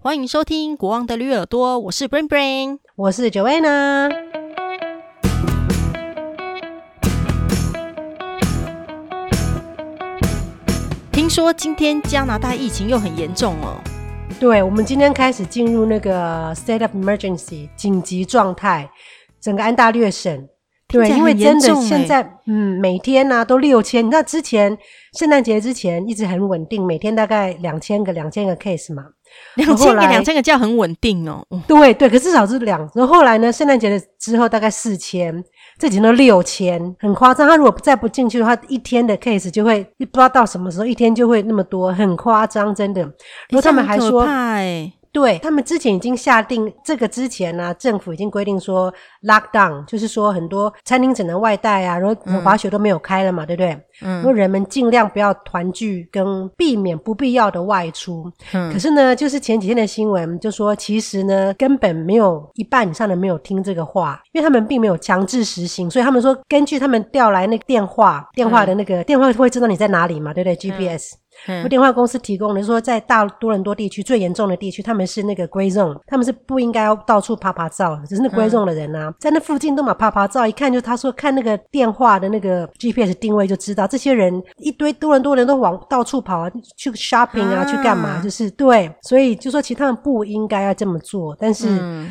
歡迎收聽《國王的驢耳朵》，我是 Brain Brain，我是 Joanna。聽說今天加拿大疫情又很嚴重哦。對，我們今天開始進入那個 State of Emergency 緊急狀態，整個安大略省。對，重因為真的現在，嗯，每天呢、啊、都六千，你知道之前聖誕節之前一直很穩定，每天大概兩千個、兩千個 case 嘛。兩千個，兩千個叫很穩定哦、喔。對對，可是至少是兩。然後後來呢，聖誕節的之後大概四千，這幾天都六千，很誇張。他如果再不進去的話，一天的 case 就會不知道到什麼時候，一天就會那麼多，很誇張，真的。然後他們還說。對，他們之前已經下定這個之前呢、啊，政府已經規定說 lock down，就是說很多餐廳只能外帶啊，然後滑雪都沒有開了嘛，嗯、對不對？嗯，然後人們儘量不要團聚跟避免不必要的外出。嗯，可是呢，就是前幾天的新聞就說，其實呢，根本沒有一半以上的沒有聽這個話，因為他們並沒有強制實行，所以他們說，根據他們調來那個電話電話的那個、嗯、電話會知道你在哪裡嘛，對不對？GPS。嗯有、嗯、電話公司提供的說，在大多倫多地區最嚴重的地區，他們是那個 gray zone，他們是不應該要到處趴趴走，就是那 gray zone 的人啊，在那附近都嘛趴趴走，一看就他說看那個電話的那個 GPS 定位就知道，這些人一堆多倫多人都往到處跑啊，去 shopping 啊，去幹嘛，就是對，所以就說其實他們不應該要這麼做，但是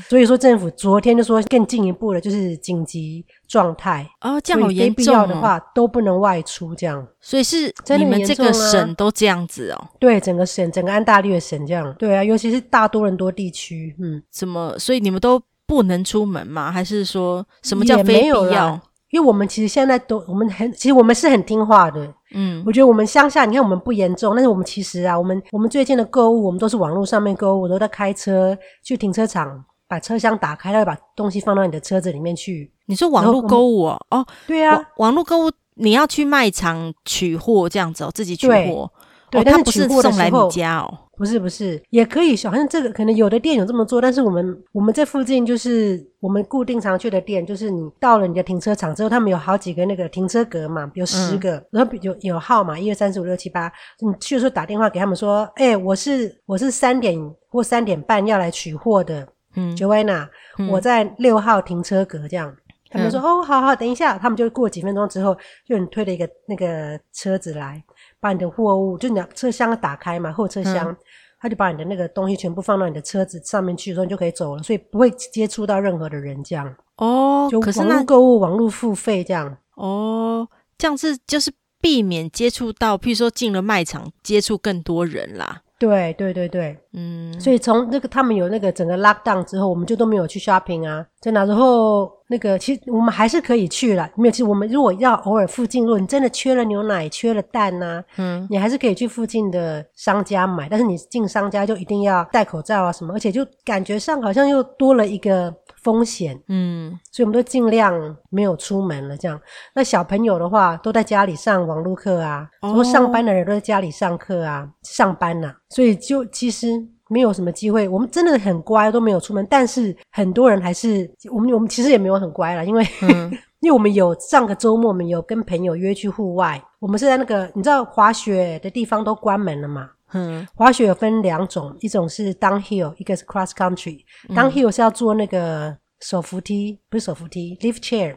所以說政府昨天就說更進一步的就是緊急。狀態啊、哦，這樣好嚴重，哦，非必要的話都不能外出，這樣，所以是你們這個省都這樣子哦？對，整個省，整個安大略省這樣。對啊，尤其是大多倫多地區，嗯，怎麼？所以你們都不能出門嗎？還是說什麼叫沒必要沒有？因為我們其實現在都，我們很，其實我們是很聽話的。嗯，我覺得我們鄉下，你看我們不嚴重，但是我們其實啊，我們我們最近的購物，我們都是網絡上面購物，我都在開車去停車場。把車廂打開，然後把東西放到你的車子裡面去。你說網絡購物哦、喔？哦、喔，對啊，喔、網絡購物你要去賣場取貨這樣子哦、喔，自己取貨。對，他、喔、是不是送來你家哦、喔？不是，不是，也可以好像這個可能有的店有這麼做，但是我們我們這附近就是我們固定常去的店，就是你到了你的停車場之後，他們有好幾個那個停車格嘛，有十個，嗯、然後有有號碼一、二、三、四、五、六、七、八。你去的時候打電話給他們說：“哎、欸，我是我是三點或三點半要來取貨的。”嗯，就 Joanna，我在六號停車格這樣，嗯、他們說哦，好好，等一下，他們就過幾分鐘之後，就你推了一個那個車子來，把你的貨物就你兩車廂打開嘛，後車廂，嗯、他就把你的那個東西全部放到你的車子上面去，然後你就可以走了，所以不會接觸到任何的人這樣。哦，就可是呢網絡購物、網絡付費這樣。哦，這樣是就是避免接觸到，譬如說進了賣場接觸更多人啦。對對對對，嗯，所以從那個他們有那個整個 lockdown 之後，我們就都沒有去 shopping 啊，在那時候。那個其實我們還是可以去啦，沒有？其實我們如果要偶爾附近，如果你真的缺了牛奶、缺了蛋吶、啊，嗯，你還是可以去附近的商家買。但是你進商家就一定要戴口罩啊什麼，而且就感覺上好像又多了一個風險，嗯，所以我們都盡量沒有出門了。這樣，那小朋友的話都在家裡上網路課啊，然後上班的人都在家裡上課啊，哦、上班啊。所以就其實。沒有什麼機會，我們真的很乖，都沒有出門。但是很多人還是我們，我們其實也沒有很乖啦，因為、嗯、 因為我們有上個週末，我們有跟朋友約去戶外。我們是在那個你知道滑雪的地方都關門了嘛？嗯，滑雪有分兩種，一種是 down hill，一個是 cross country，嗯。down hill 是要坐那個手扶梯，不是手扶梯、嗯、lift chair，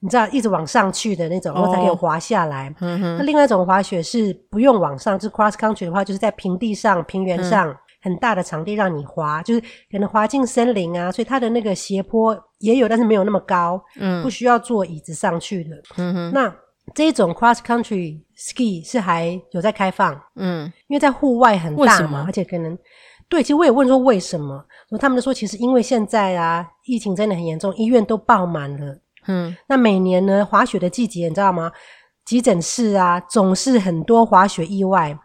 你知道一直往上去的那種，哦、然後才有滑下來。嗯、哼那另外一種滑雪是不用往上，就是 cross country 的話，就是在平地上、平原上。嗯很大的場地讓你滑，就是可能滑進森林啊，所以它的那個斜坡也有，但是沒有那麼高，嗯，不需要坐椅子上去的。嗯哼。那這種 cross country ski 是還有在開放，嗯，因為在戶外很大嘛，而且可能對，其實我也問說為什麼，他們就說其實因為現在啊，疫情真的很嚴重，醫院都爆滿了，嗯，那每年呢滑雪的季節你知道嗎？急診室啊總是很多滑雪意外。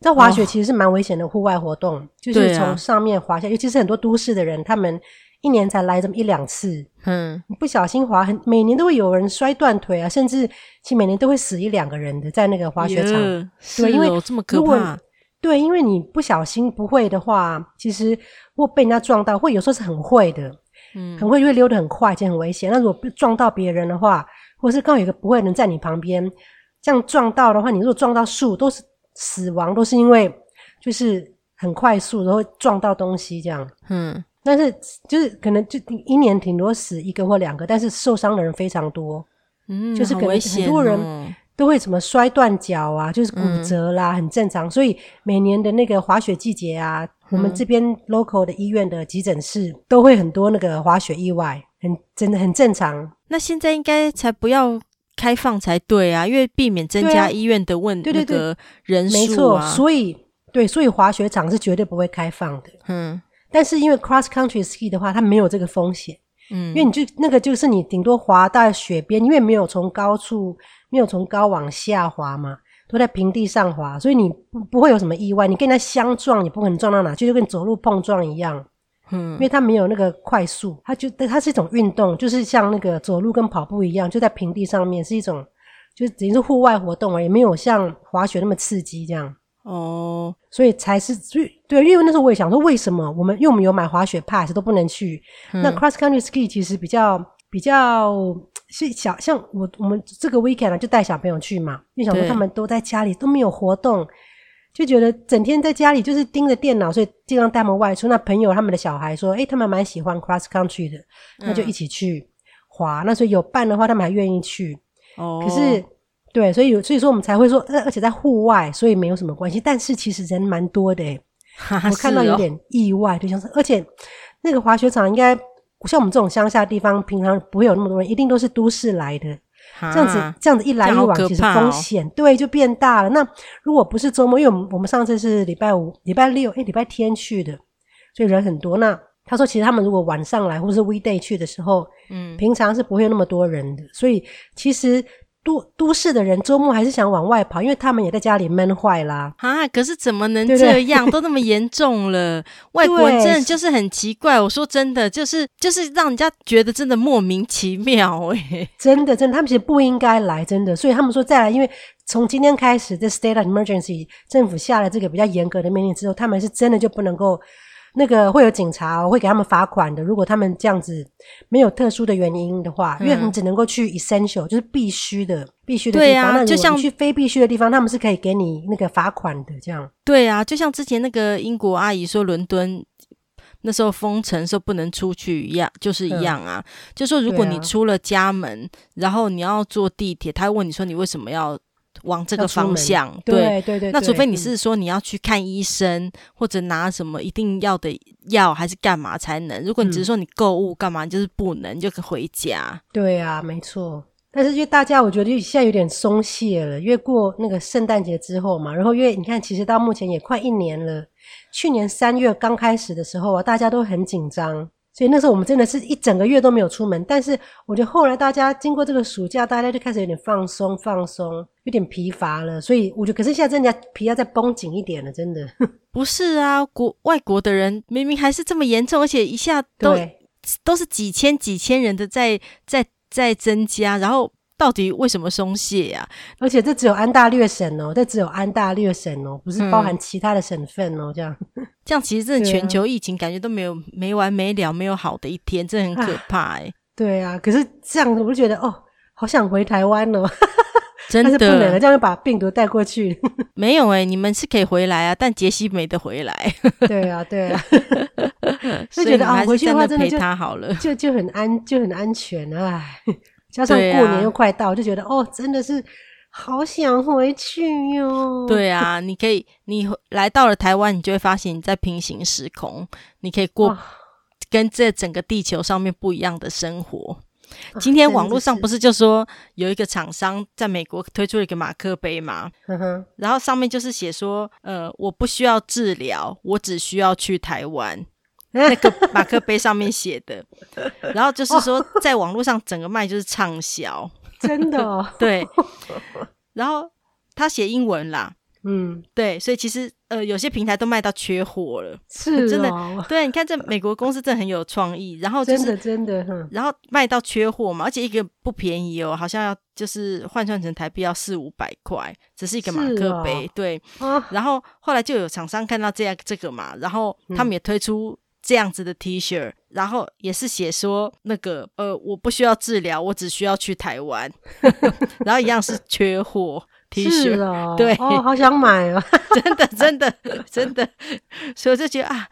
這滑雪其實是蠻危險的戶外活動，oh. 就是從上面滑下，尤其是很多都市的人，他們一年才來這麼一兩次，嗯，你不小心滑，很每年都會有人摔斷腿啊，甚至其實每年都會死一兩個人的在那個滑雪場，yeah, 對，是喔、因為有這麼可怕。如果對，因為你不小心不會的話，其實如果被人家撞到，會有時候是很會的，嗯，很會因為溜得很快，這樣很危險。那如果撞到別人的話，或者是剛好有一個不會人在你旁邊，這樣撞到的話，你如果撞到樹都是。死亡都是因為就是很快速，然後撞到東西這樣。嗯，但是就是可能就一年頂多死一個或兩個，但是受傷的人非常多。嗯，就是很很多人都會什麼摔斷腳啊，就是骨折啦，很正常。所以每年的那個滑雪季節啊，我們這邊 local 的醫院的急診室都會很多那個滑雪意外很，很真的很正常。那現在應該才不要。開放才對啊，因為避免增加醫院的問那個人數啊。對對對，沒錯。所以對，所以滑雪場是絕對不會開放的。嗯，但是因為 cross country ski 的話，它沒有這個風險。嗯，因為你就那個就是你頂多滑到雪邊，因為沒有從高處沒有從高往下滑嘛，都在平地上滑，所以你不不會有什麼意外。你跟人家相撞，你不可能撞到哪去，就跟走路碰撞一樣。嗯，因為它沒有那個快速，它就但它是一種運動，就是像那個走路跟跑步一樣，就在平地上面是一種，就等於是戶外活動啊，也沒有像滑雪那麼刺激這樣。哦，oh. 所以才是，對，因為那時候我也想說，為什麼我們因為我們有買滑雪 pass 都不能去？嗯、那 cross country ski 其實比較比較是小像我我們這個 weekend 就帶小朋友去嘛，因為想說他們都在家裡對都沒有活動。就覺得整天在家裡就是盯着電腦，所以盡量帶他們外出。那朋友他們的小孩說：“哎、欸，他們蠻喜歡 cross country 的，那就一起去滑。嗯”那所以有伴的話，他們還願意去。哦，可是對，所以有所以說我們才會說，而而且在戶外，所以沒有什麼關係。但是其實人蠻多的、欸，哈哈我看到有點意外，就像是、哦、對而且那個滑雪場應該像我們這種鄉下的地方，平常不會有那麼多人，一定都是都市來的。這樣子，這樣子一來一往其實風險、哦、對就變大了。那如果不是周末，因為我們我們上次是禮拜五、禮拜六，誒、欸、禮拜天去的，所以人很多。那他說，其實他們如果晚上來或者是 weekday 去的時候，嗯，平常是不會有那麼多人的。所以其實。都都市的人周末還是想往外跑，因為他們也在家裡悶壞啦。啊。可是怎麼能這樣？對對對，都那麼嚴重了，外國人真的就是很奇怪。 對我說真的，就是就是讓人家覺得真的莫名其妙誒、欸、真的，真的，他們其實不應該來，真的。所以他們說再來，因為從今天開始，在 state of emergency 政府下了這個比較嚴格的命令之後，他們是真的就不能夠。那個會有警察、哦、會給他們罰款的，如果他們這樣子沒有特殊的原因的話，嗯、因為你只能夠去 essential 就是，必須的必須的地方。對啊，就像去非必須的地方，他們是可以給你那個罰款的這樣。對啊，就像之前那個英國阿姨說，倫敦那時候封城時候不能出去一樣，就是一樣啊，嗯、就說如果你出了家門，啊、然後你要坐地鐵，他問你說你為什麼要？往這個方向，對對對，對對對。那除非你是說你要去看醫生，嗯、或者拿什麼一定要的藥，還是幹嘛才能？如果你只是說你購物幹嘛，嗯、你就是不能，你就回家。對啊，沒錯。但是因為大家，我覺得現在有點鬆懈了，越過那個聖誕節之後嘛，然後因為你看，其實到目前也快一年了。去年三月剛開始的時候啊，大家都很緊張。所以那時候我們真的是一整個月都沒有出門，但是我覺得後來大家經過這個暑假，大家就開始有點放鬆放鬆，有點疲乏了。所以我覺得，可是現在真的皮要再繃緊一點了，真的 不是啊！國外國的人明明還是這麼嚴重，而且一下都對都是幾千幾千人的在在在增加，然後。到底為什麼鬆懈呀、啊？而且這只有安大略省哦、喔，這只有安大略省哦、喔，不是包含其他的省份哦。嗯、這樣，這樣其實這全球疫情感覺都沒有、啊、沒完沒了，沒有好的一天，這很可怕哎、欸啊。對啊，可是這樣子，我就覺得哦，好想回台灣哦、喔，真的，但是不能，這樣就把病毒帶過去。沒有哎、欸，你們是可以回來啊，但傑西沒得回來。對啊，對啊， 所以覺得啊，回去的話陪他好了，就就，就很安就很安全哎、啊。加上過年又快到，啊、就覺得哦，真的是好想回去喲、哦。對啊，你可以，你來到了台灣，你就會發現你在平行時空，你可以過跟這整個地球上面不一樣的生活。啊、今天網絡上不是就說、啊、是有一個廠商在美國推出了一個馬克杯嗎？嗯、哼然後上面就是寫說，呃，我不需要治療，我只需要去台灣。 那個馬克杯上面寫的， 然後就是說，在網絡上整個賣就是暢銷，真的 對。然後他寫英文啦，嗯，對，所以其實呃，有些平台都賣到缺貨了，是、哦、真的。對，你看這美國公司真的很有創意，然後、就是、真的真的，嗯、然後賣到缺貨嘛，而且一個不便宜哦，好像要就是換算成台幣要四五百塊，只是一個馬克杯，哦、對。啊、然後後來就有廠商看到這樣這個嘛，然後他們也推出、嗯。這樣子的 T-shirt，然後也是寫說那個呃，我不需要治療，我只需要去台灣， 然後一樣是缺貨 T-shirt， 了對，哦，好想買啊， 真的真的真的，所以我就覺得啊，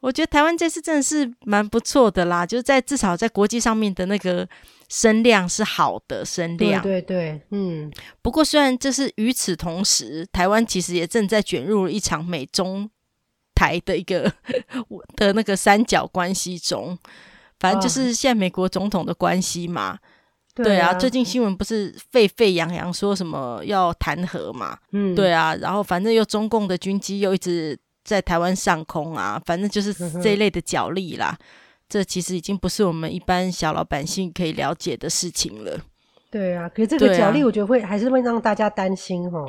我覺得台灣這次真的是蠻不錯的啦，就是在至少在國際上面的那個聲量是好的聲量，對對，對嗯。不過雖然就是與此同時，台灣其實也正在卷入了一場美中。台的一個 的那個三角關係中，反正就是現在美國總統的關係嘛。對啊，最近新聞不是沸沸揚揚說什麼要彈劾嘛？嗯，對啊，然後反正又中共的軍機又一直在台灣上空啊，反正就是這一類的角力啦。這其實已經不是我們一般小老百姓可以了解的事情了。對啊，可是這個角力，我覺得會還是會讓大家擔心哦。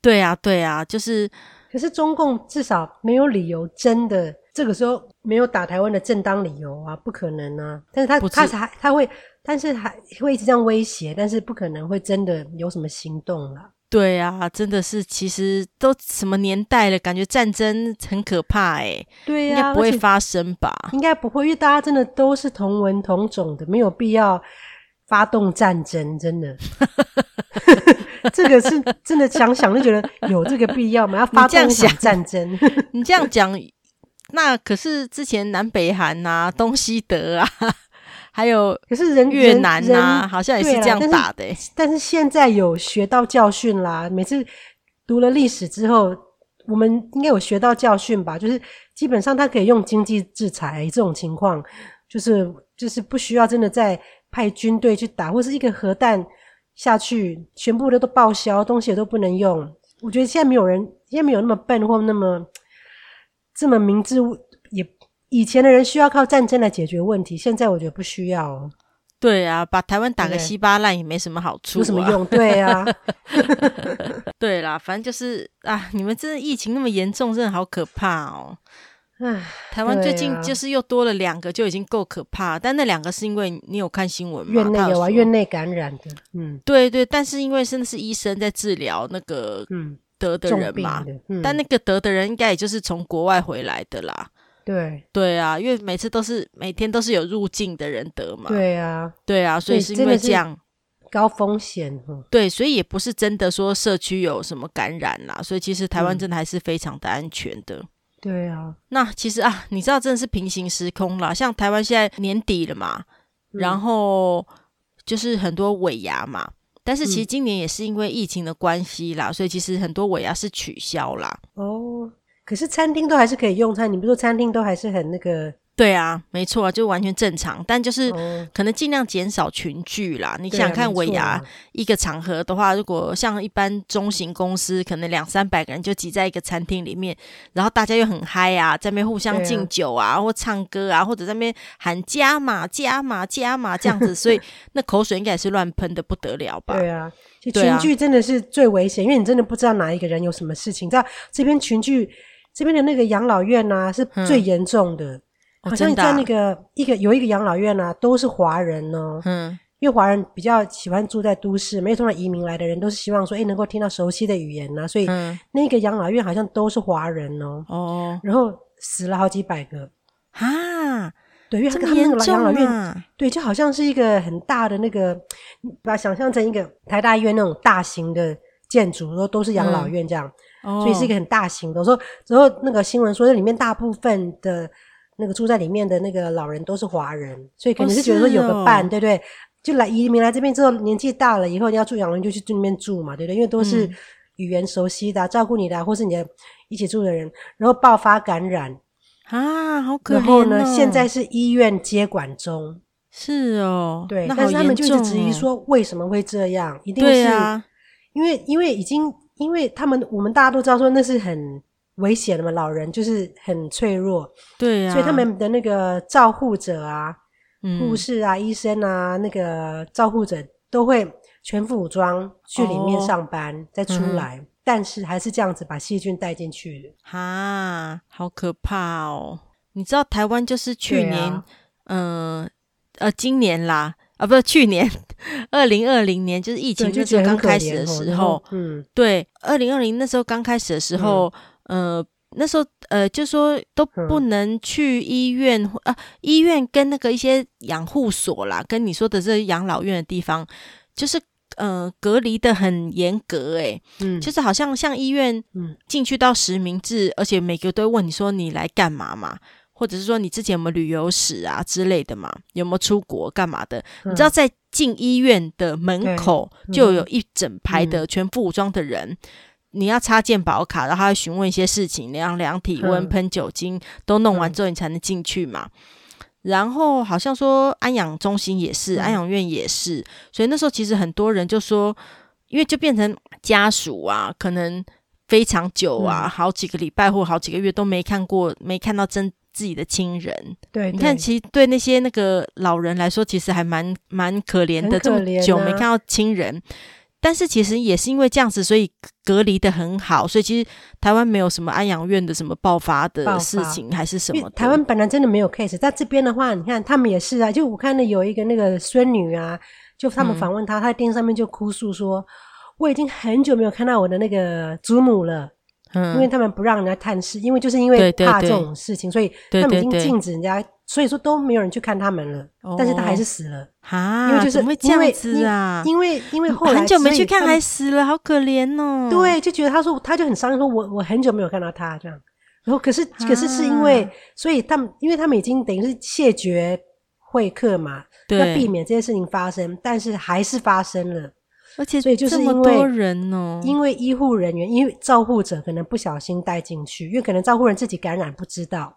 對啊，對啊，就是。可是中共至少沒有理由真的這個時候沒有打台灣的正當理由啊，不可能啊！但是他是他他會，但是還會一直這樣威脅，但是不可能會真的有什麼行動了，啊。對啊，真的是，其實都什麼年代了，感覺戰爭很可怕哎、欸。對呀、啊，應該不會發生吧？應該不會，因為大家真的都是同文同種的，沒有必要發動戰爭，真的。 這個是真的，想想就覺得有這個必要嘛？ 要發動小戰爭？你這樣講， 那可是之前南北韓啊、東西德啊，還有可是人越南啊，好像也是這樣打的耶。但是現在有學到教訓啦。每次讀了歷史之後，我們應該有學到教訓吧？就是基本上他可以用經濟制裁這種情況，就是就是不需要真的再派軍隊去打，或是一個核彈。下去，全部都都報銷，東西也都不能用。我覺得現在沒有人，現在沒有那麼笨或那麼這麼明智。也以前的人需要靠戰爭來解決問題，現在我覺得不需要。對啊，把台灣打個稀巴爛也沒什麼好處啊，有什麼用？對啊， 對啦，反正就是啊，你們真的疫情那麼嚴重，真的好可怕哦。哎，唉台灣最近就是又多了兩個，就已經夠可怕。啊、但那兩個是因為你有看新聞嗎？院內有啊，院內感染的。嗯，對對。但是因為真的是醫生在治療那個得的人嘛。嗯嗯、但那個得的人應該也就是從國外回來的啦。對。對啊，因為每次都是每天都是有入境的人得嘛。對啊，對啊，所以是因為這樣高風險。對，所以也不是真的說社區有什麼感染啦。所以其實台灣真的還是非常的安全的。嗯對啊，那其實啊，你知道真的是平行時空啦。像台灣現在年底了嘛，嗯、然後就是很多尾牙嘛，但是其實今年也是因為疫情的關係啦，嗯、所以其實很多尾牙是取消啦。哦，可是餐廳都還是可以用餐，你不是說餐廳都還是很那個。對啊，沒錯、啊，就完全正常。但就是可能盡量減少群聚啦。嗯、你想看，尾牙，一個場合的話，啊啊、如果像一般中型公司，可能兩三百個人就擠在一個餐廳裡面，然後大家又很嗨啊，在那邊互相敬酒啊，啊或唱歌啊，或者在那邊喊加碼、加碼、加碼這樣子， 所以那口水應該也是亂噴的不得了吧？對啊，其實群聚真的是最危險，啊、因為你真的不知道哪一個人有什麼事情。你知道，這邊群聚，這邊的那個養老院啊，是最嚴重的。嗯好像在那個一個有一個養老院啊，都是華人哦。嗯，因為華人比較喜歡住在都市，沒有從那移民來的人，都是希望說，哎，能夠聽到熟悉的語言吶、啊。所以那個養老院好像都是華人哦。哦。然後死了好幾百個啊？對，因為這個養老院，對，就好像是一個很大的那個，把想象成一個台大醫院那種大型的建築，然後都是養老院這樣。哦。所以是一個很大型的。我說，然後那個新聞說，那裡面大部分的。那個住在裡面的那個老人都是華人，所以可能是覺得說有個伴，哦哦、對不對，對？就來移民來這邊之後，年紀大了以後你要住養老院就去這邊住嘛，對不對，對？因為都是語言熟悉的、啊，嗯、照顧你的、啊，或是你的一起住的人，然後爆發感染啊，好可憐、哦。然後呢，現在是醫院接管中，是哦，對。那但是他們就是質疑說，為什麼會這樣？一定是、啊、因為因為已經因為他們我們大家都知道說那是很。危險了嘛，老人就是很脆弱。對啊，所以他們的那個照護者啊，護、嗯、士啊、醫生啊，那個照護者都會全副武裝去裡面上班，哦、再出來，嗯、但是還是這樣子把細菌帶進去。哈，好可怕哦！你知道台灣就是去年，嗯、啊、呃，呃，今年啦啊，不是去年二零二零年，就是疫情是、哦、就是剛開始的時候，嗯，嗯對，二零二零那時候剛開始的時候。嗯呃，那時候呃，就說都不能去醫院、嗯、啊，醫院跟那個一些養護所啦，跟你說的這些養老院的地方，就是呃，隔離得很嚴格誒、欸嗯、就是好像像醫院，嗯，進去到實名制，嗯、而且每個都會問你說你來幹嘛嘛，或者是說你之前有沒有旅遊史啊之類的嘛，有沒有出國幹嘛的？嗯、你知道在進醫院的門口就有一整排的全副武裝的人。嗯你要插健保卡，然後他會詢問一些事情，你要量體溫、嗯、噴酒精都弄完之後，你才能進去嘛。嗯、然後好像說安養中心也是，嗯、安養院也是，所以那時候其實很多人就說，因為就變成家屬啊，可能非常久啊，嗯、好幾個禮拜或好幾個月都沒看過，沒看到真自己的親人。對，對，你看，其實對那些那個老人來說，其實還蠻蠻可憐的，很可憐啊、這麼久沒看到親人。但是其實也是因為這樣子，所以隔離得很好，所以其實台灣沒有什麼安養院的什麼爆發的事情，還是什麼。台灣本來真的沒有 case，在這邊的話，你看他們也是啊，就我看到有一個那個孫女啊，就他們訪問她，嗯、她在電視上面就哭訴說，我已經很久沒有看到我的那個祖母了，嗯、因為他們不讓人家探視，因為就是因為怕這種事情，對對對，所以他們已經禁止人家。所以說都沒有人去看他們了，哦、但是他還是死了啊！因為就是、啊、因為因為因為後來很久沒去看，還死了，好可憐哦。對，就覺得他說他就很傷心，說我我很久沒有看到他這樣。然後可是、啊、可是是因為，所以他們因為他們已經等於是謝絕會客嘛，對要避免這些事情發生，但是還是發生了。而且所以就是因為這麼多人哦，因為醫護人員因為照護者可能不小心帶進去，因為可能照護人自己感染不知道。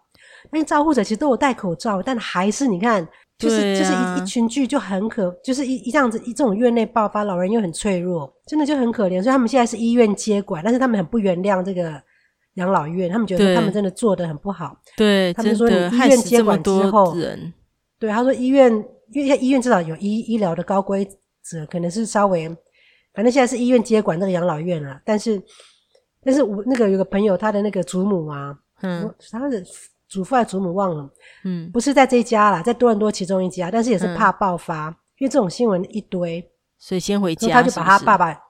那些照護者其實都有戴口罩，但還是你看，就是就是一一群聚就很可，就是一,一這樣子一這種院內爆發，老人又很脆弱，真的就很可憐。所以他們現在是醫院接管，但是他們很不原諒這個養老院，他們覺得他們真的做的很不好。對他們說，你醫院接管之後，對，對他說醫院因為醫院至少有醫醫療的高規則，可能是稍微，反正現在是醫院接管那個養老院了，啊，但是但是我那個有個朋友，他的那個祖母啊，嗯，他的。祖父和祖母忘了，嗯，不是在這一家啦，在多倫多其中一家，但是也是怕爆發，嗯，因為這種新聞一堆，所以先回家是不是，他就把他爸爸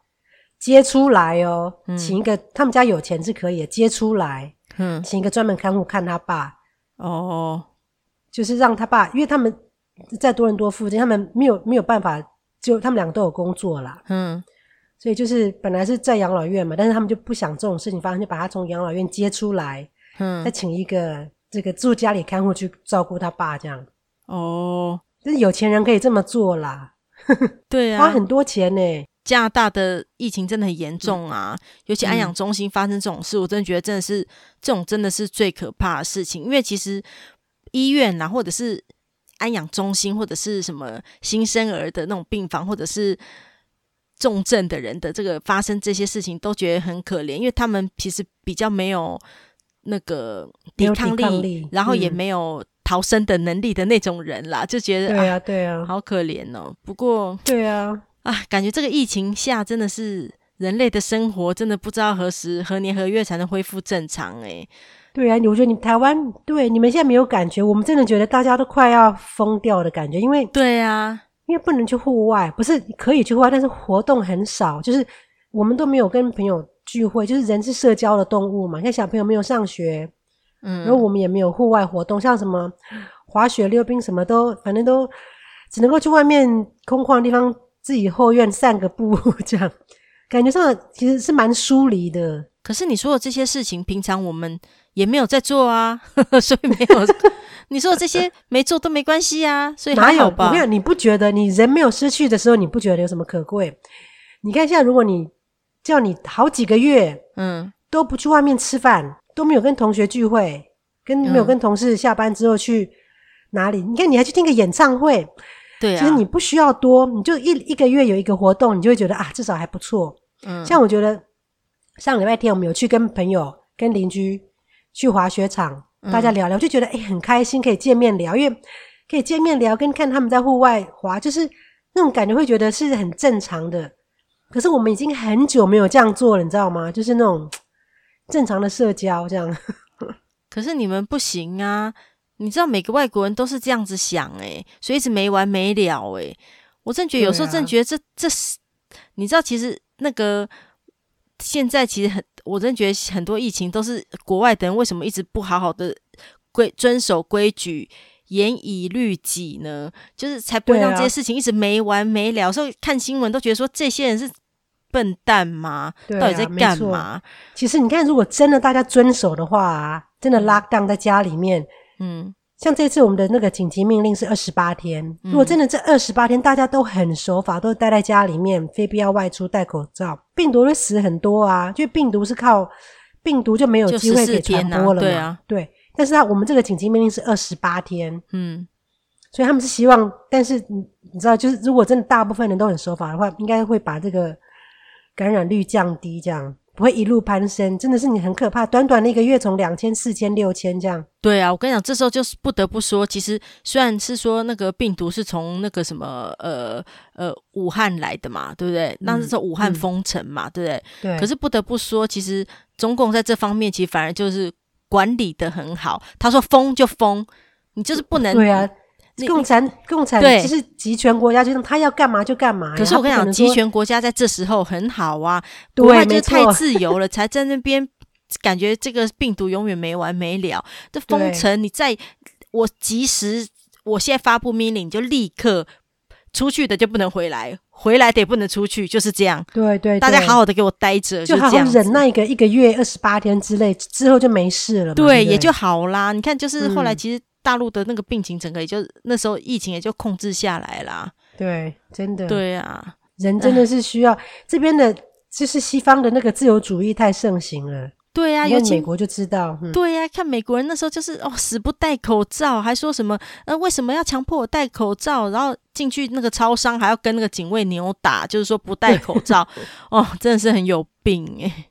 接出來哦，嗯，請一個他們家有錢是可以的接出來，嗯，請一個專門看護看他爸，哦，就是讓他爸，因為他們在多倫多附近，他們沒有沒有辦法，就他們兩個都有工作啦。嗯，所以就是本來是在養老院嘛，但是他們就不想這種事情發生，就把他從養老院接出來，嗯，再請一個。這個住家裡看護去照顧他爸這樣，哦，就是有錢人可以這麼做啦， 對啊，花很多錢呢、欸。加拿大的疫情真的很嚴重啊，對尤其安養中心發生這種事，嗯、我真的覺得真的是這種真的是最可怕的事情，因為其實醫院啊，或者是安養中心，或者是什麼新生兒的那種病房，或者是重症的人的這個發生這些事情，都覺得很可憐，因為他們其實比較沒有。那個抵抗力，然後也沒有逃生的能力的那種人啦，嗯、就覺得呀，對啊，啊對啊好可憐哦。不過，對啊，啊，感覺這個疫情下真的是人類的生活，真的不知道何時何年何月才能恢復正常誒。對啊，我覺得你台灣對你們現在沒有感覺，我們真的覺得大家都快要瘋掉的感覺，因為對啊，因為不能去戶外，不是可以去戶外，但是活動很少，就是我們都沒有跟朋友。聚會就是人是社交的動物嘛，像小朋友沒有上學，嗯，然後我們也沒有戶外活動，像什麼滑雪、溜冰，什麼都，反正都只能夠去外面空曠的地方自己後院散個步，這樣感覺上其實是蠻疏離的。可是你說的這些事情，平常我們也沒有在做啊，呵呵所以沒有 你說的這些沒做都沒關係啊。所以哪有吧？沒有，你不覺得你人沒有失去的時候，你不覺得有什麼可貴？你看一下，如果你。叫你好幾個月，嗯，都不去外面吃飯，都沒有跟同學聚會，跟沒有跟同事下班之後去哪裡？嗯、你看你還去聽個演唱會，對啊，其實你不需要多，你就一一個月有一個活動，你就會覺得啊，至少還不錯。嗯，像我覺得上禮拜天我們有去跟朋友、跟鄰居去滑雪場，嗯、大家聊聊，就覺得哎、欸、很開心，可以見面聊，因為可以見面聊跟看他們在戶外滑，就是那種感覺會覺得是很正常的。可是我們已經很久沒有這樣做了，你知道嗎？就是那種正常的社交這樣。可是你們不行啊！你知道每個外國人都是這樣子想誒、欸、所以一直沒完沒了誒、欸、我真覺得有時候真覺得這、啊、這是你知道，其實那個現在其實很，我真覺得很多疫情都是國外的人為什麼一直不好好的規遵守規矩。嚴以律己呢，就是才不會讓這些事情一直沒完沒了。所以、啊、看新聞都覺得說，這些人是笨蛋嗎？對啊、到底在幹嘛？其實你看，如果真的大家遵守的話、啊，真的 lock down 在家裡面，嗯，像這次我們的那個緊急命令是二十八天。如果真的這二十八天大家都很守法，嗯、都待在家裡面，非必要外出戴口罩，病毒會死很多啊！就病毒是靠病毒就沒有機會給傳播了嘛、啊，對啊，對。但是啊，我們這個緊急命令是二十八天，嗯，所以他們是希望。但是你你知道，就是如果真的大部分人都很守法的話，應該會把這個感染率降低，這樣不會一路攀升。真的是你很可怕，短短的一個月從兩千、四千、六千這樣。對啊，我跟你講，這時候就是不得不說，其實雖然是說那個病毒是從那個什麼呃呃武漢來的嘛，對不對？嗯、那是從武漢封城嘛，嗯、對不對？對。可是不得不說，其實中共在這方面其實反而就是。管理的很好，他說封就封，你就是不能，對啊。你共產共產就是集權國家，對就像他要幹嘛就幹嘛。可是我跟你講，集權國家在這時候很好啊，對，就太自由了，對才在那邊 感覺這個病毒永遠沒完沒了。這封城，對你在我即時，我現在發布命令，就立刻出去的就不能回來。回來得不能出去，就是這樣。對，對對，大家好好的給我待着，就是、這樣就好好忍那個一個一個月二十八天之類，之後就沒事了嘛。對，對也就好啦。你看，就是後來其實大陸的那個病情整個也就、嗯、那時候疫情也就控制下來啦。對，真的。對啊，人真的是需要唉這邊的，就是西方的那個自由主義太盛行了。對呀、啊，有美國就知道。嗯、對呀、啊，看美國人那時候就是哦，死不戴口罩，還說什麼呃，為什麼要強迫我戴口罩？然後進去那個超商還要跟那個警衛扭打，就是說不戴口罩 哦，真的是很有病哎！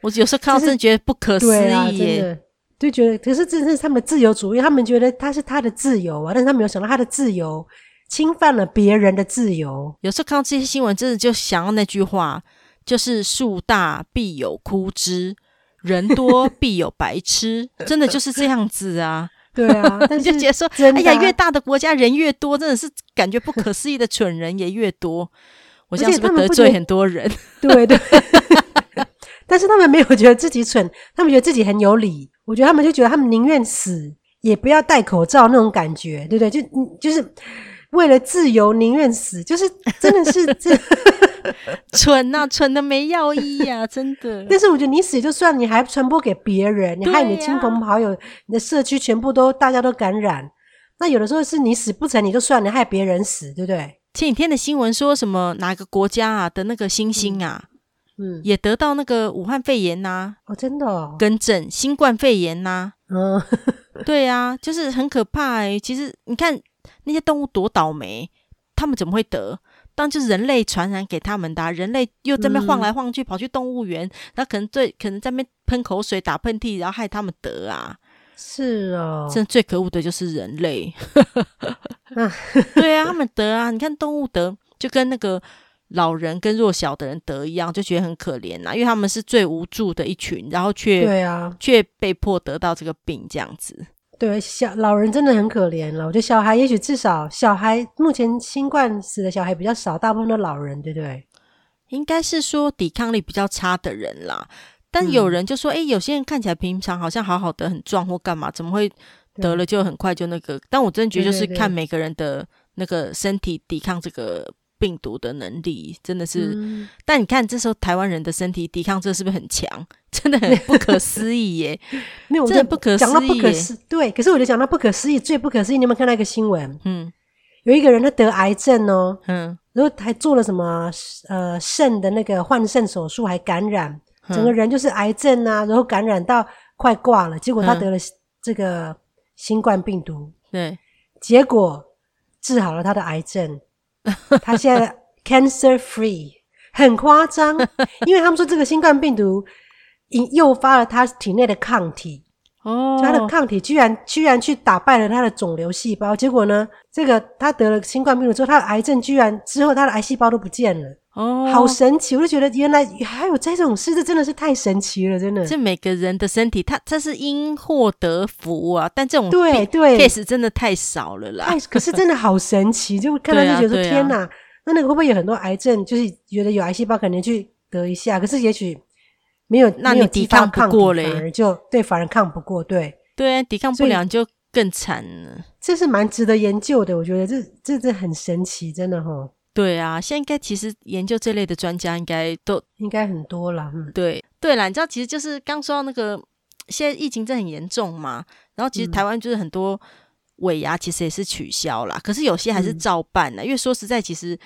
我有時候看到真的覺得不可思議耶，對、啊、的就覺得，可是這是他們的自由主義，他們覺得他是他的自由啊，但是他沒有想到他的自由侵犯了別人的自由。有時候看到這些新聞，真的就想要那句話，就是樹大必有枯枝。人多必有白痴， 真的就是這樣子啊！ 對啊，是 就覺得說， 啊、哎呀，越大的國家人越多，真的是感覺不可思議的蠢人也越多。 我想是不是得罪很多人，對對、對。 但是他們沒有覺得自己蠢，他們覺得自己很有理。我覺得他們就覺得他們寧願死也不要戴口罩那種感覺，對不對？就就是為了自由寧願死，就是真的是這。 蠢吶、啊，蠢的沒藥醫呀、啊，真的。 但是我覺得你死就算，你還傳播給別人，啊、你害你的親朋好友，你的社區全部都大家都感染。那有的時候是你死不成，你就算，你害別人死，對不對？前幾天的新聞說什麼哪個國家啊的那個猩猩啊，嗯，嗯，也得到那個武漢肺炎吶、啊？哦，真的、哦，跟診新冠肺炎吶、啊？嗯， 對啊，就是很可怕、欸。其實你看那些動物多倒霉，他們怎麼會得？當然就是人類傳染給他們的、啊，人類又在那邊晃來晃去，跑去動物園，那、嗯、可能最可能在那邊噴口水、打噴嚏，然後害他們得啊。是哦，真的最可惡的就是人類。 啊 對啊，他們得啊，對你看動物得就跟那個老人跟弱小的人得一樣，就覺得很可憐啊，因為他們是最無助的一群，然後卻對啊，卻被迫得到這個病這樣子。對，小老人真的很可憐了。我覺得小孩也許至少小孩目前新冠死的小孩比較少，大部分都老人，對不對？應該是說抵抗力比較差的人啦。但有人就說，哎、嗯欸，有些人看起來平常好像好好的很壯或幹嘛，怎麼會得了就很快就那個？對但我真的覺得就是看每個人的那個身體抵抗這個。病毒的能力真的是，嗯、但你看這時候台灣人的身體抵抗這是不是很強？真的很不可思議耶！ 沒有，不可思議講到不可思議對，可是我就講到不可思議，最不可思議，你有沒有看到一個新聞？嗯，有一個人他得癌症哦，嗯，然後還做了什麼呃腎的那個換腎手術，還感染，整個人就是癌症啊，嗯、然後感染到快掛了，結果他得了這個新冠病毒，嗯、對，結果治好了他的癌症。 他現在 cancer free，很誇張，因為他們說這個新冠病毒引誘發了他體內的抗體，哦，他的抗體居然居然去打敗了他的腫瘤細胞，結果呢，這個他得了新冠病毒之後，他的癌症居然之後他的癌細胞都不見了。哦，oh, 好神奇！我就覺得原來還有這種事，這真的是太神奇了，真的。這每個人的身體，它它是因禍得福啊！但這種對對 case 真的太少了啦。可是真的好神奇， 就看到就覺得、啊啊、天哪！那那個會不會有很多癌症？就是覺得有癌細胞，可能去得一下，可是也許沒有，那你抗抵抗不過嘞，反而就對反而抗不過，對對，抵抗不了就更慘了。這是蠻值得研究的，我覺得這這這，這很神奇，真的哈。對啊，現在應該其實研究這類的專家應該都應該很多了。嗯、對對啦，你知道其實就是剛說到那個，現在疫情真的很嚴重嘛，然後其實台灣就是很多尾牙其實也是取消了，可是有些還是照辦呢，嗯、因為說實在其實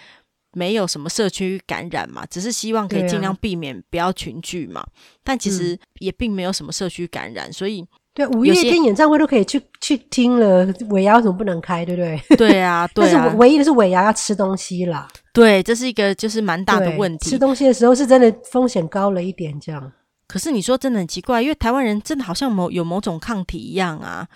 沒有什麼社區感染嘛，只是希望可以盡量避免不要群聚嘛，但其實也並沒有什麼社區感染，所以。對，五月天演唱會都可以去些去聽了，尾牙為什麼不能開？對不對？對啊，對啊 但是唯一的是尾牙要吃東西啦。對，這是一個就是蠻大的問題。吃東西的時候是真的風險高了一點，這樣。可是你說真的很奇怪，因為台灣人真的好像某有某種抗體一樣啊。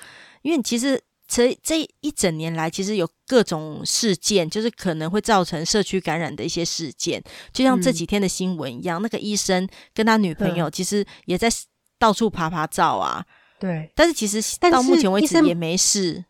因為其實這這一整年來，其實有各種事件，就是可能會造成社區感染的一些事件，就像這幾天的新聞一樣，嗯、那個醫生跟他女朋友其實也在到處爬爬照啊。對，但是其實到目前為止也沒事。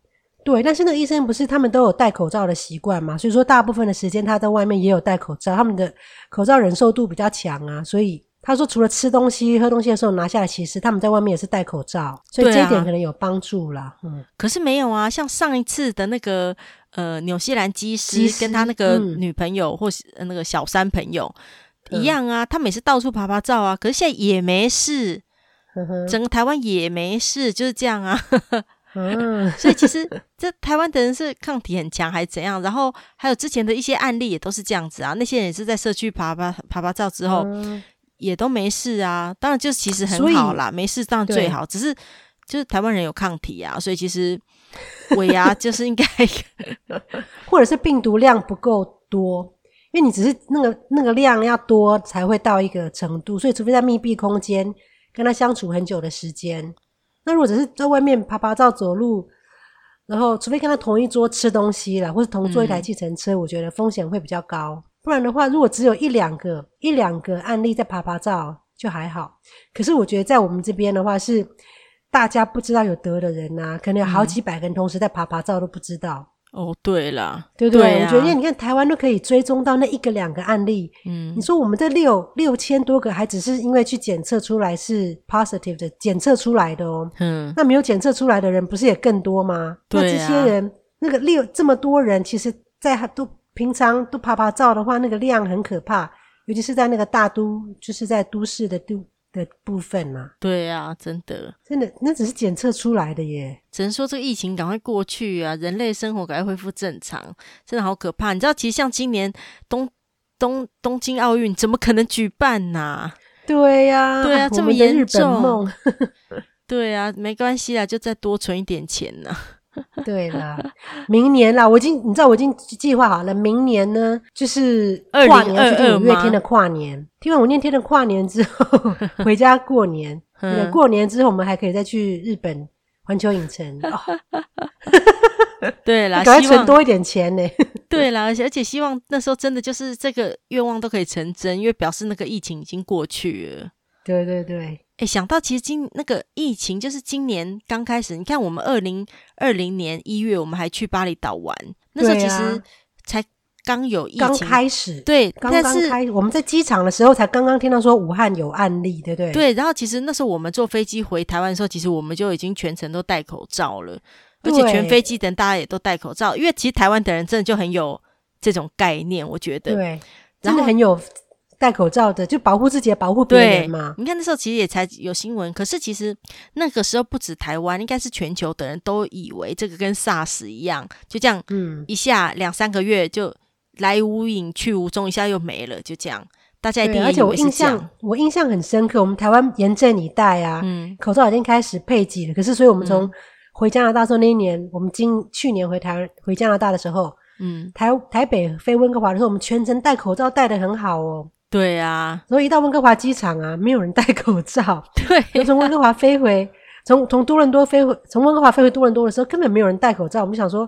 對，但是那個醫生不是他們都有戴口罩的習慣嘛？所以說大部分的時間他在外面也有戴口罩，他們的口罩忍受度比較強啊。所以他說除了吃東西、喝東西的時候拿下來，其實他們在外面也是戴口罩，所以這一點可能有幫助啦。啊、嗯，可是沒有啊，像上一次的那個呃，紐西蘭機師跟他那個女朋友或那個小三朋友、嗯、一樣啊，他每次到處趴趴走啊，可是現在也沒事。整個台灣也沒事，就是這樣啊。 嗯，所以其實這台灣的人是抗體很強還是怎樣？然後還有之前的一些案例也都是這樣子啊。那些人也是在社區爬爬爬爬照之後、嗯、也都沒事啊。當然就其實很好啦，以沒事當然最好。對只是就是台灣人有抗體啊，所以其實尾牙、啊、就是應該，或者是病毒量不夠多，因為你只是那個那個量要多才會到一個程度，所以除非在密閉空間跟他相處很久的時間，那如果只是在外面趴趴走走路，然後除非跟他同一桌吃東西了，或是同坐一台計程車，嗯、我覺得風險會比較高。不然的話，如果只有一兩個、一兩個案例在趴趴走就還好。可是我覺得在我們這邊的話，是大家不知道有得的人啊，可能有好幾百人同時在趴趴走都不知道。嗯哦，oh, 對了，對不對？對啊、我覺得你看台灣都可以追蹤到那一個兩個案例。嗯、啊，你說我們這六六千多個還只是因為去檢測出來是 positive 的，檢測出來的哦。嗯，那沒有檢測出來的人不是也更多嗎？對啊、那這些人那個六這麼多人，其實在都平常都趴趴走的話，那個量很可怕，尤其是在那個大都就是在都市的都。的部分嘛，對呀，真的，真的，那只是檢測出來的耶，只能說，這個疫情趕快過去啊，人類生活趕快恢復正常，真的好可怕。你知道，其實像今年東東東京奧運怎麼可能舉辦吶？對呀，對呀，這麼嚴重， 對呀，沒關係啊，就再多存一點錢啊。 對啦，明年啦。我已經你知道，我已經計劃好了，明年呢就是跨年，要去聽五月天的跨年，嗎聽完五月天的跨年之後 回家過年， 過年之後我們還可以再去日本環球影城，存 對啦，希望多一點錢呢，對啦，而且而且希望那時候真的就是這個願望都可以成真，因為表示那個疫情已經過去了，對，對對對。想到其實今，那個疫情就是今年剛開始，你看我們二零二零年一月我們還去巴厘島玩，那時候其實才剛有疫情剛開始，對，但是剛剛開，我們在機場的時候才剛剛聽到說武漢有案例，對不對？對，然後其實那時候我們坐飛機回台灣的時候，其實我們就已經全程都戴口罩了，而且全飛機等大家也都戴口罩，對因為其實台灣的人真的就很有這種概念，我覺得對，後真的很有。戴口罩的就保護自己的，保護別人嘛。對，你看那時候其實也才有新聞，可是其實那個時候不止台灣，應該是全球的人都以為這個跟 SARS 一樣，就這樣，嗯，一下兩三個月就來無影去無蹤，一下又沒了，就這樣。大家一定。而且我印象我印象很深刻，我們台灣嚴陣以待啊，嗯，口罩已經開始配給了。可是，所以我們從回加拿大的時候那一年，我們今去年回台灣回加拿大的時候，嗯，台台北飛溫哥華的時候，我們全程戴口罩戴得很好哦。對呀、啊，所以一到溫哥華機場啊，沒有人戴口罩。對、啊，從溫哥華飛回，從從多倫多飛回，從溫哥華飛回多倫多的時候，根本沒有人戴口罩。我們想說，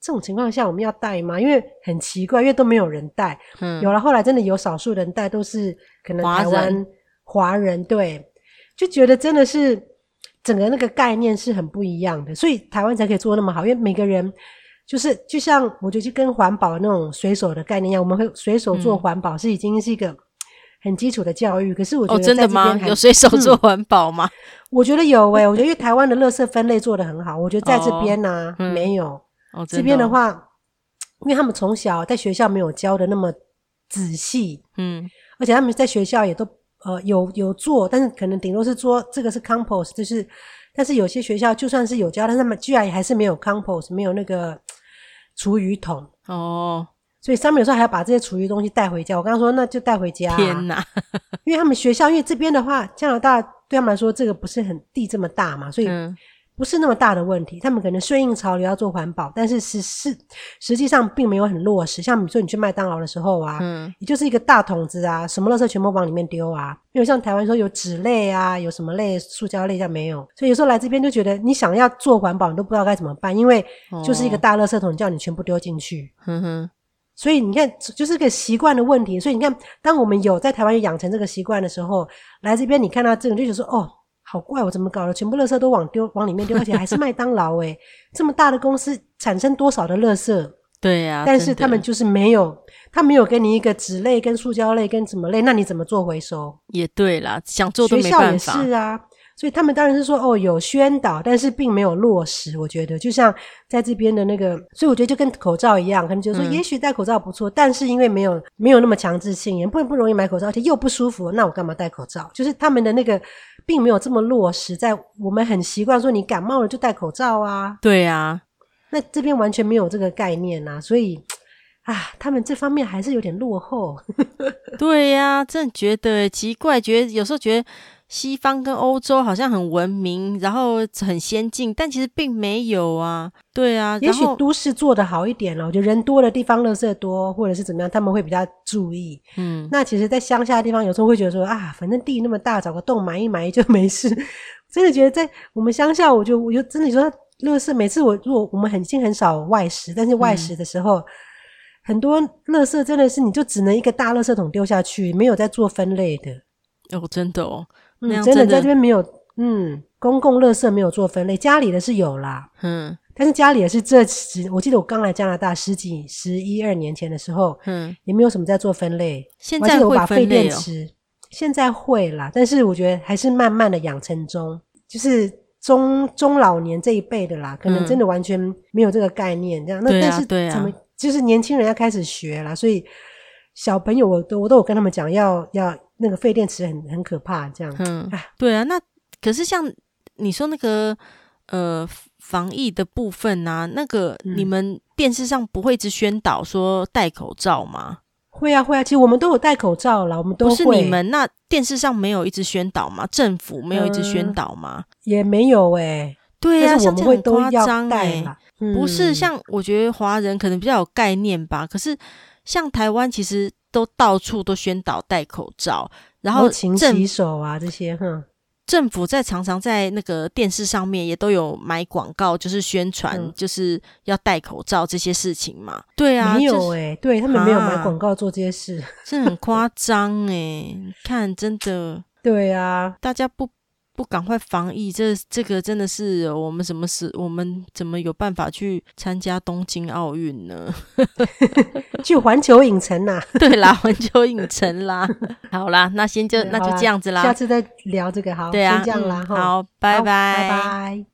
這種情況下我們要戴嗎？因為很奇怪，因為都沒有人戴。嗯，有了，後來真的有少數人戴，都是可能台灣華人，華人。對，就覺得真的是整個那個概念是很不一樣的，所以台灣才可以做那麼好，因為每個人。就是就像我覺得就跟環保那種隨手的概念一樣，我們會隨手做環保是已經是一個很基礎的教育。嗯、可是我覺得、哦、真的嗎？有隨手做環保嗎、嗯？我覺得有誒、欸， 我覺得因為台灣的垃圾分類做得很好。我覺得在這邊呢、啊哦、沒有。嗯哦真的哦、這邊的話，因為他們從小在學校沒有教的那麼仔細，嗯，而且他們在學校也都呃有有做，但是可能頂多是說這個是 compost，就是但是有些學校就算是有教，但是他們居然還是沒有 compost，沒有那個。廚餘桶哦，所以他們有時候還要把這些廚餘東西帶回家。我剛剛說那就帶回家，天哪 因為他們學校，因為這邊的話，加拿大對他們來說，這個不是很地這麼大嘛，所以。嗯不是那麼大的問題，他們可能順應潮流要做環保，但是實實，實際上並沒有很落實。像你說你去麥當勞的時候啊，嗯，也就是一個大桶子啊，什麼垃圾全部往裡面丟啊，沒有像台灣說有紙類啊，有什麼類、塑膠類像，像沒有。所以有時候來這邊就覺得，你想要做環保，你都不知道該怎麼辦，因為就是一個大垃圾桶叫你全部丟進去。嗯，嗯哼。所以你看，就是一個習慣的問題。所以你看，當我們有在台灣養成這個習慣的時候，來這邊你看到這種、就是，就說哦。好怪，我怎麼搞的？全部垃圾都往丟往裡面丟，而且還是麥當勞誒， 這麼大的公司產生多少的垃圾？對呀、啊，但是他們就是沒有，的他沒有給你一個紙類、跟塑膠類、跟什麼類，那你怎麼做回收？也對啦，想做都沒辦法。是啊，所以他們當然是說哦，有宣導，但是並沒有落實。我覺得就像在這邊的那個，所以我覺得就跟口罩一樣，可能就說也許戴口罩不錯，嗯、但是因為沒有沒有那麼強制性，也不不容易買口罩，而且又不舒服，那我幹嘛戴口罩？就是他們的那個。並沒有這麼落實，在我們很習慣說你感冒了就戴口罩啊，對啊。對呀，那這邊完全沒有這個概念吶、啊，所以啊，他們這方面還是有點落後。 對呀、啊，真的覺得奇怪，覺得有時候覺得。西方跟歐洲好像很文明，然後很先進，但其實並沒有啊。對啊，也許都市做的好一點了。我覺得人多的地方，垃圾多，或者是怎麼樣，他們會比較注意。嗯，那其實，在鄉下的地方，有時候會覺得說啊，反正地那麼大，找個洞埋一埋就沒事。 真的覺得在我們鄉下，我就我就真的說，垃圾每次我如果我們很近很少外食，但是外食的時候，嗯、很多垃圾真的是你就只能一個大垃圾桶丟下去，沒有在做分類的。哦，真的哦。嗯、真的，真的在這邊沒有，嗯，公共垃圾沒有做分類，家裡的是有啦，嗯，但是家裡的是這時，這十我記得我剛來加拿大十幾、十一二年前的時候，嗯，也沒有什麼在做分類。現在會、哦、我，記得我把廢電池，現在會啦，但是我覺得還是慢慢的養成中，就是中中老年這一輩的啦，可能真的完全沒有這個概念，這樣、嗯、那但是怎麼，對啊對啊，就是年輕人要開始學啦，所以小朋友我都我都有跟他們講要要。要那個廢電池很很可怕，這樣。嗯，唉對啊，那可是像你說那個呃防疫的部分吶、啊，那個你們電視上不會一直宣導說戴口罩嗎？會啊、嗯嗯、會啊，其實我們都有戴口罩啦，我們都不是你們那電視上沒有一直宣導嗎？政府沒有一直宣導嗎？嗯、也沒有哎、欸，對啊，我們會都要戴嘛、欸嗯、不是像我覺得華人可能比較有概念吧，可是像台灣其實。都到處都宣導戴口罩，然後勤洗手啊府這些，嗯、政府在常常在那個電視上面也都有買廣告，就是宣傳就是要戴口罩這些事情嘛。嗯、對啊，沒有哎、欸，就對他們沒有買廣告做這些事，啊、這很誇張哎！你 看，真的對啊，大家不。不趕快防疫，這這個真的是我們什麼事？我們怎麼有辦法去參加東京奧運呢？ 去環球影城啦！ 對啦，環球影城啦。 好啦，那先就對那就這樣子啦、啊，下次再聊這個。好，對啊，先這樣啦，嗯、好，拜拜，拜拜。Bye bye